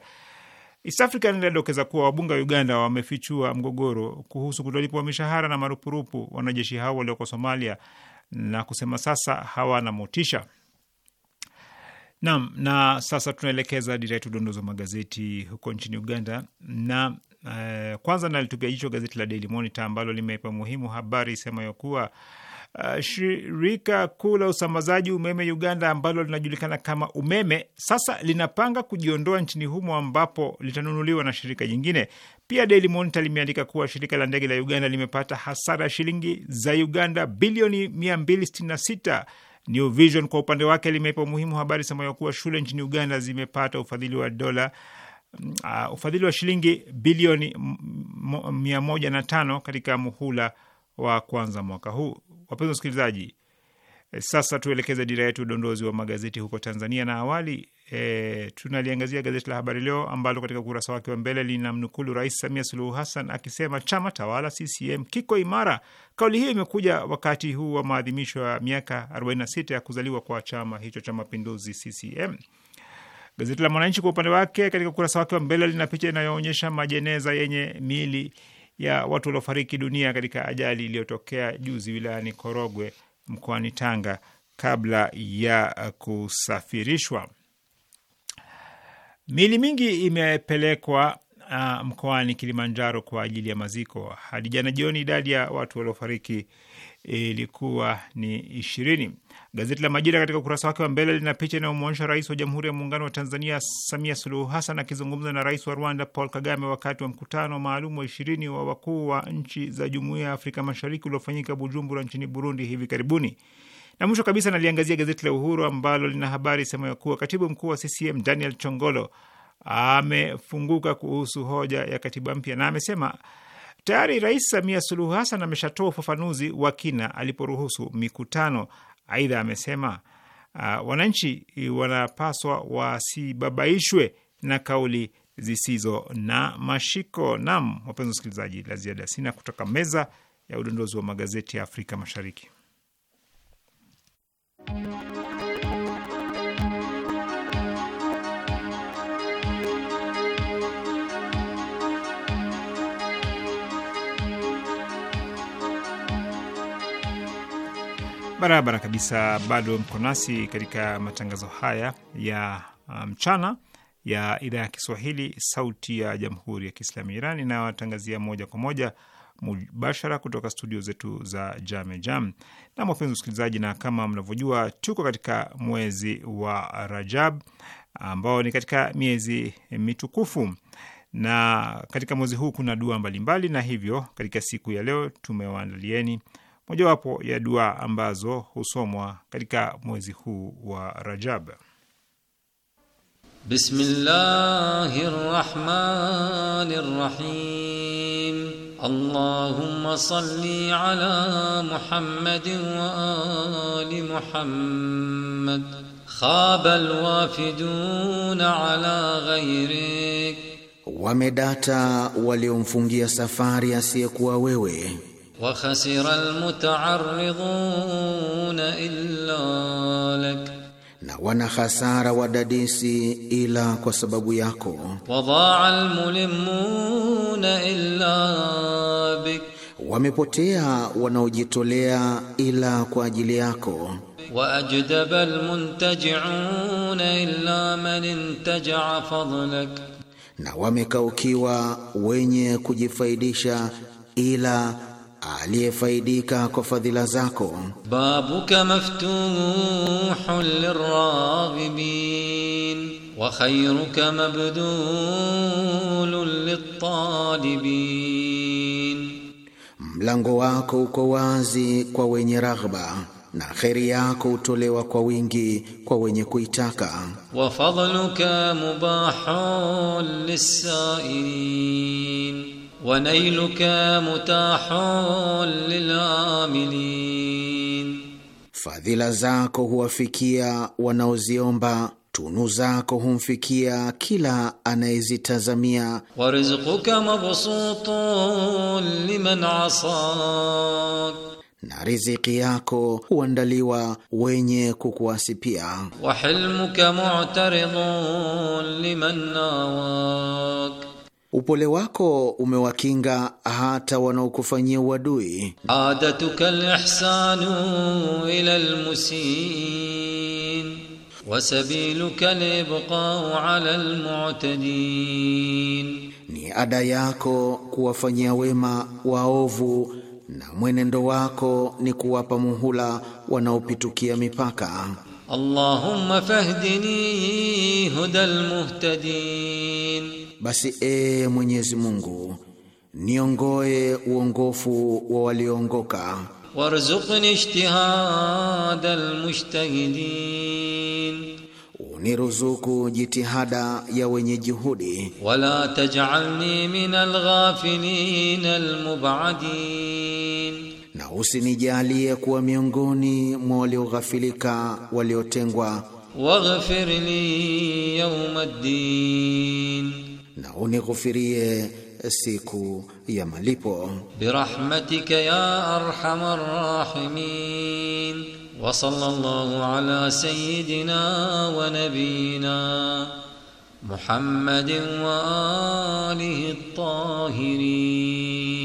East African linadokeza kuwa wabunge wa Uganda wamefichua mgogoro kuhusu kutolipwa mishahara na marupurupu wanajeshi hao walioko Somalia na kusema sasa hawana motisha. Naam, na sasa tunaelekeza dira yetu dondozo magazeti huko nchini Uganda na eh, kwanza nalitupia jicho gazeti la Daily Monitor ambalo limeipa muhimu habari isemayo kuwa uh, shirika kuu la usambazaji umeme Uganda ambalo linajulikana kama Umeme sasa linapanga kujiondoa nchini humo ambapo litanunuliwa na shirika jingine. Pia Daily Monitor limeandika kuwa shirika la ndege la Uganda limepata hasara ya shilingi za Uganda bilioni 266. New Vision kwa upande wake limeipa umuhimu habari semayo kuwa shule nchini Uganda zimepata ufadhili wa dola uh, ufadhili wa shilingi bilioni 15 katika muhula wa kwanza mwaka huu. Wapenzi wasikilizaji, eh, sasa tuelekeze dira yetu udondozi wa magazeti huko Tanzania, na awali e, tunaliangazia gazeti la Habari Leo ambalo katika ukurasa wake wa mbele linamnukulu Rais Samia Suluhu Hassan akisema chama tawala CCM kiko imara. Kauli hiyo imekuja wakati huu wa maadhimisho ya miaka 46 ya kuzaliwa kwa chama hicho cha mapinduzi CCM. Gazeti la Mwananchi kwa upande wake, katika ukurasa wake wa mbele lina picha inayoonyesha majeneza yenye miili ya watu waliofariki dunia katika ajali iliyotokea juzi wilayani Korogwe mkoani Tanga kabla ya kusafirishwa. Miili mingi imepelekwa uh, mkoani Kilimanjaro kwa ajili ya maziko. Hadi jana jioni idadi ya watu waliofariki eh, ilikuwa ni ishirini. Gazeti la Majira katika ukurasa wake wa mbele lina picha inayomwonyesha rais wa Jamhuri ya Muungano wa Tanzania Samia Suluhu Hassan akizungumza na rais wa Rwanda Paul Kagame wakati wa mkutano maalum wa ishirini wa wakuu wa nchi za Jumuiya ya Afrika Mashariki uliofanyika Bujumbura nchini Burundi hivi karibuni. Na mwisho kabisa, naliangazia gazeti la Uhuru ambalo lina habari sema ya kuwa katibu mkuu wa CCM Daniel Chongolo amefunguka kuhusu hoja ya katiba mpya na amesema tayari Rais Samia Suluhu Hassan ameshatoa ufafanuzi wa kina aliporuhusu mikutano. Aidha amesema uh, wananchi wanapaswa wasibabaishwe na kauli zisizo na mashiko. Nam, wapenzi wasikilizaji, la ziada sina kutoka meza ya udondozi wa magazeti ya Afrika Mashariki. barabara kabisa. Bado mko nasi katika matangazo haya ya uh, mchana um, ya idhaa ya Kiswahili sauti ya jamhuri ya Kiislamu ya Iran inayowatangazia moja kwa moja mubashara kutoka studio zetu za Jame Jam. Na wapenzi wasikilizaji, na kama mnavyojua, tuko katika mwezi wa Rajab ambao ni katika miezi mitukufu, na katika mwezi huu kuna dua mbalimbali mbali, na hivyo katika siku ya leo tumewaandalieni mojawapo ya dua ambazo husomwa katika mwezi huu wa Rajab. Bismillahir Rahmanir Rahim. Allahumma salli ala Muhammadin wa ali Muhammad. ala ghayrik. Wamedata waliomfungia safari asiyekuwa wewe وخسر المتعرضون إلا لك na wana hasara wadadisi ila kwa sababu yako. wadaa almulimuna illa bik, wamepotea wanaojitolea ila kwa ajili yako. waajdaba almuntajiuna illa man intaja fadlak, na wamekaukiwa wenye kujifaidisha ila aliyefaidika kwa fadhila zako. babuka maftuhun liraghibin wa khayruka mabdulun litalibin, mlango wako uko wazi kwa wenye raghba na kheri yako hutolewa kwa wingi kwa wenye kuitaka. wa fadluka mubahun lisailin ونيلك متاح للعاملين fadhila zako huwafikia wanaoziomba tunu zako humfikia kila anayezitazamia. warizquka mabsutun liman asak, na riziki yako huandaliwa wenye kukuasipia. wahilmuka mu'taridun liman nawak Upole wako umewakinga hata wanaokufanyia uadui. adatuka lihsanu ila lmusin wasabiluka libqau ala lmutadin, ni ada yako kuwafanyia wema waovu na mwenendo wako ni kuwapa muhula wanaopitukia mipaka. Allahumma fahdini hudal muhtadin, basi e Mwenyezi Mungu niongoe uongofu wa walioongoka. Warzuqni ijtihadal mujtahidin uniruzuku jitihada ya wenye juhudi. Wala taj'alni minal ghafilin al na usinijalie kuwa miongoni mwa walioghafilika waliotengwa. waghfir li yawm ad-din, na unighufirie siku ya malipo. birahmatika ya arhamar rahimin. wa sallallahu ala sayyidina wa nabiyina Muhammadin wa alihi tahirin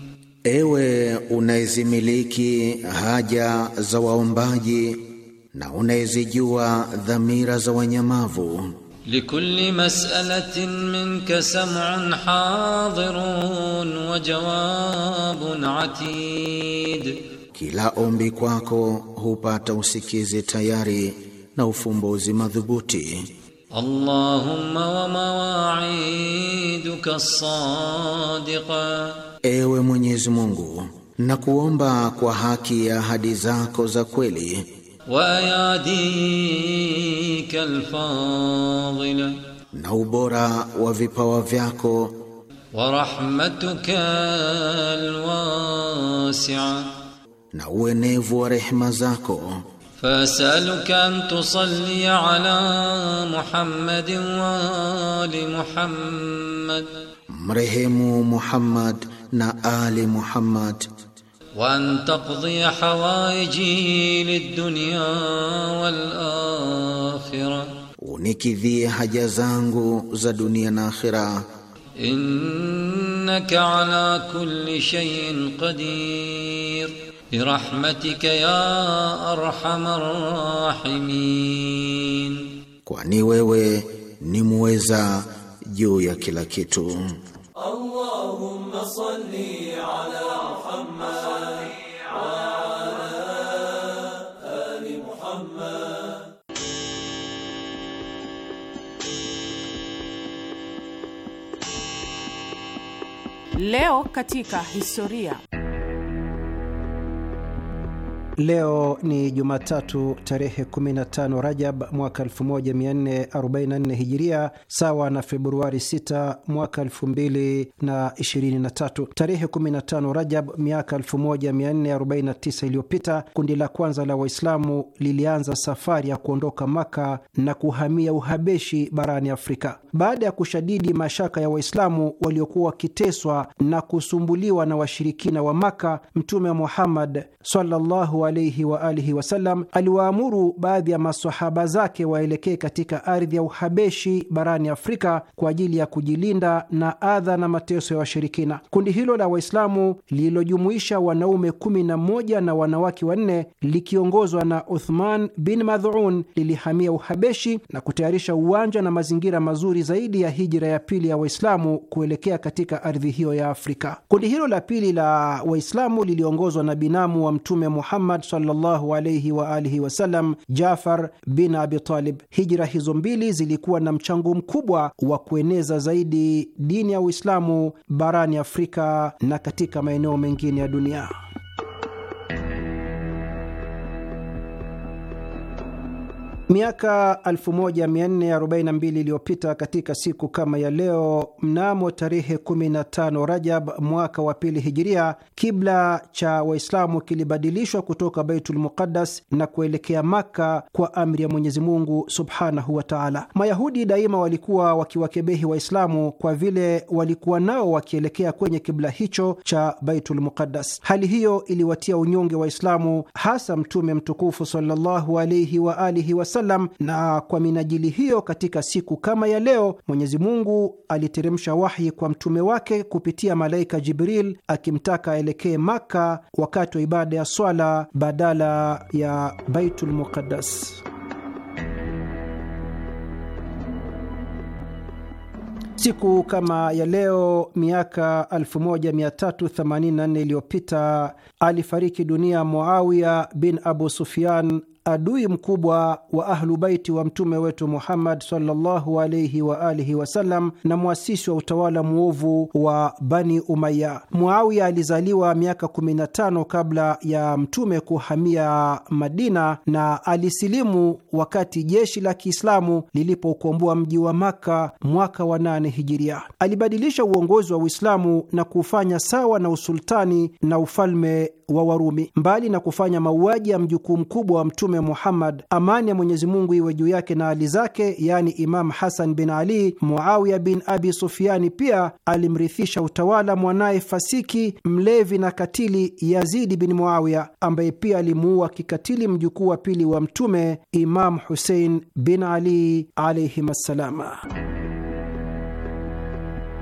Ewe unayezimiliki haja za waombaji na unayezijua dhamira za wanyamavu. likulli mas'alatin minka sam'un hadirun wa jawabun atid, kila ombi kwako hupata usikizi tayari na ufumbuzi madhubuti. Allahumma wa mawa'iduka sadiqa Ewe Mwenyezi Mungu, nakuomba kwa haki ya ahadi zako za kweli yadika alfadila, na ubora wa vipawa vyako wa rahmatuka alwasi'a, na uenevu wa rehema zako فأسألك أن تصلي على محمد وآل محمد مرهم محمد نا آل محمد وأن تقضي حوائجي للدنيا والآخرة ونكذي haja zangu دنيا dunia انك على كل شيء قدير birahmatika ya arhamar rahimin, kwani wewe ni muweza juu ya kila kitu. Allahumma salli ala Leo katika historia Leo ni Jumatatu tarehe 15 Rajab mwaka 1444 Hijiria, sawa na Februari 6 mwaka 2023. Tarehe 15 Rajab miaka 1449 iliyopita, kundi la kwanza la Waislamu lilianza safari ya kuondoka Maka na kuhamia Uhabeshi barani Afrika baada ya kushadidi mashaka ya Waislamu waliokuwa wakiteswa na kusumbuliwa na washirikina wa Maka. Mtume Muhammad sallallahu alaihi wa alihi wasallam aliwaamuru baadhi ya masahaba zake waelekee katika ardhi ya Uhabeshi barani Afrika kwa ajili ya kujilinda na adha na mateso ya washirikina. Kundi hilo la Waislamu lililojumuisha wanaume kumi na moja na wanawake wanne likiongozwa na Uthman bin Madhuun lilihamia Uhabeshi na kutayarisha uwanja na mazingira mazuri zaidi ya hijira ya pili ya Waislamu kuelekea katika ardhi hiyo ya Afrika. Kundi hilo la pili la Waislamu liliongozwa na binamu wa Mtume Muhammad Muhammad sallallahu alayhi wa alihi wasallam, Jafar bin Abi Talib. Hijra hizo mbili zilikuwa na mchango mkubwa wa kueneza zaidi dini ya Uislamu barani Afrika na katika maeneo mengine ya dunia. Miaka 1442 iliyopita katika siku kama ya leo, mnamo tarehe 15 Rajab mwaka wa pili hijiria, kibla cha Waislamu kilibadilishwa kutoka Baitul Muqaddas na kuelekea Maka kwa amri ya Mwenyezi Mungu subhanahu wa taala. Mayahudi daima walikuwa wakiwakebehi Waislamu kwa vile walikuwa nao wakielekea kwenye kibla hicho cha Baitul Muqaddas. Hali hiyo iliwatia unyonge Waislamu, hasa Mtume mtukufu sallallahu alaihi wa alihi wasallam wasallam. Na kwa minajili hiyo, katika siku kama ya leo, Mwenyezi Mungu aliteremsha wahi kwa mtume wake kupitia malaika Jibril akimtaka aelekee Maka wakati wa ibada ya swala badala ya Baitul Muqaddas. Siku kama ya leo miaka 1384 iliyopita alifariki dunia Muawiya bin Abu Sufyan adui mkubwa wa Ahlu Baiti wa mtume wetu Muhammad sallallahu alaihi wa alihi wasallam na mwasisi wa utawala mwovu wa Bani Umaya. Muawiya alizaliwa miaka 15 kabla ya mtume kuhamia Madina na alisilimu wakati jeshi la Kiislamu lilipokomboa mji wa Maka mwaka wa 8 Hijiria. Alibadilisha uongozi wa Uislamu na kufanya sawa na usultani na ufalme wa Warumi. Mbali na kufanya mauaji ya mjukuu mkubwa wa mtume Mtume Muhammad, amani ya Mwenyezi Mungu iwe juu yake na ali zake, yaani Imam Hasan bin Ali, Muawiya bin Abi Sufiani pia alimrithisha utawala mwanaye fasiki, mlevi na katili Yazidi bin Muawiya, ambaye pia alimuua kikatili mjukuu wa pili wa Mtume, Imam Husein bin Ali alaihim assalama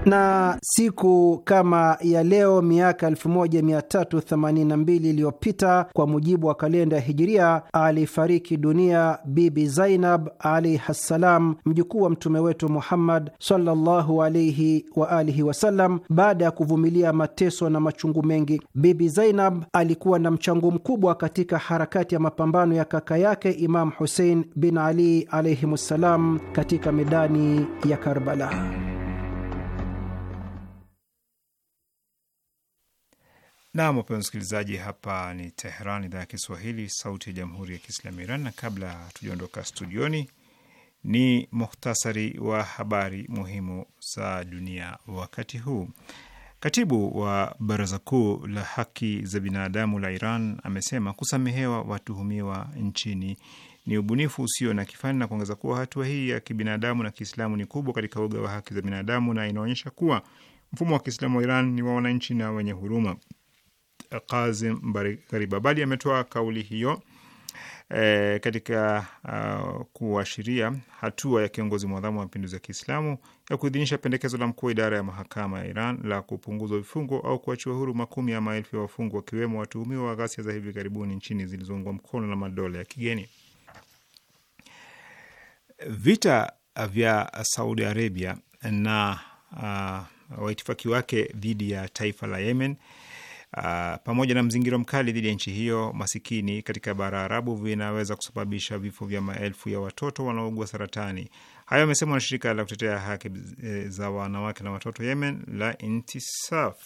na siku kama ya leo miaka 1382 iliyopita kwa mujibu wa kalenda ya Hijiria, alifariki dunia Bibi Zainab alaihi ssalam, mjukuu wa mtume wetu Muhammad sallallahu alaihi wa alihi wasallam, baada ya kuvumilia mateso na machungu mengi. Bibi Zainab alikuwa na mchango mkubwa katika harakati ya mapambano ya kaka yake Imam Husein bin Ali alaihim ssalam katika medani ya Karbala. Nam, wapenzi msikilizaji, hapa ni Teheran, idhaa ya Kiswahili, sauti ya jamhuri ya kiislamu Iran. Na kabla tujaondoka studioni, ni muhtasari wa habari muhimu za dunia wakati huu. Katibu wa baraza kuu la haki za binadamu la Iran amesema kusamehewa watuhumiwa nchini ni ubunifu usio na kifani na kuongeza kuwa hatua hii ya kibinadamu na Kiislamu ni kubwa katika uga wa haki za binadamu na inaonyesha kuwa mfumo wa Kiislamu wa Iran ni wa wananchi na wenye huruma. Kazim Ghariba. Bali ametoa kauli hiyo e, katika uh, kuashiria hatua ya kiongozi mwadhamu wa mapinduzi ya Kiislamu ya kuidhinisha pendekezo la mkuu wa idara ya mahakama ya Iran la kupunguzwa vifungo au kuachiwa huru makumi ya maelfu ya wafungwa wakiwemo watuhumiwa wa ghasia za hivi karibuni nchini zilizoungwa mkono na madola ya kigeni. Vita vya Saudi Arabia na uh, waitifaki wake dhidi ya taifa la Yemen Uh, pamoja na mzingiro mkali dhidi ya nchi hiyo masikini katika bara Arabu vinaweza kusababisha vifo vya maelfu ya watoto wanaougua saratani. Hayo amesemwa na shirika la kutetea haki eh, za wanawake na watoto Yemen la Intisaf.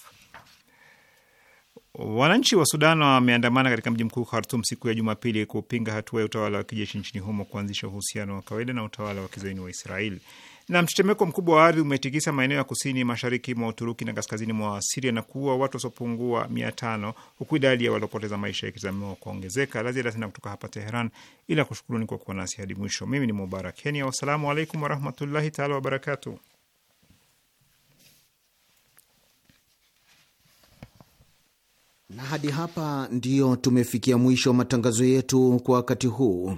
Wananchi wa Sudan wameandamana katika mji mkuu Khartum siku ya Jumapili kupinga hatua ya utawala wa kijeshi nchini humo kuanzisha uhusiano wa kawaida na utawala wa kizaini wa Israeli. Na mtetemeko mkubwa wa ardhi umetikisa maeneo ya kusini mashariki mwa Uturuki na kaskazini mwa Siria na kuua watu wasiopungua mia tano huku idadi ya waliopoteza maisha ikitazamiwa kuongezeka. La ziada sina kutoka hapa Teheran, ila kushukuruni kwa kuwa nasi hadi mwisho. Mimi ni Mubarak Kenya, wassalamu alaikum warahmatullahi taala wabarakatu. Na hadi hapa ndiyo tumefikia mwisho wa matangazo yetu kwa wakati huu.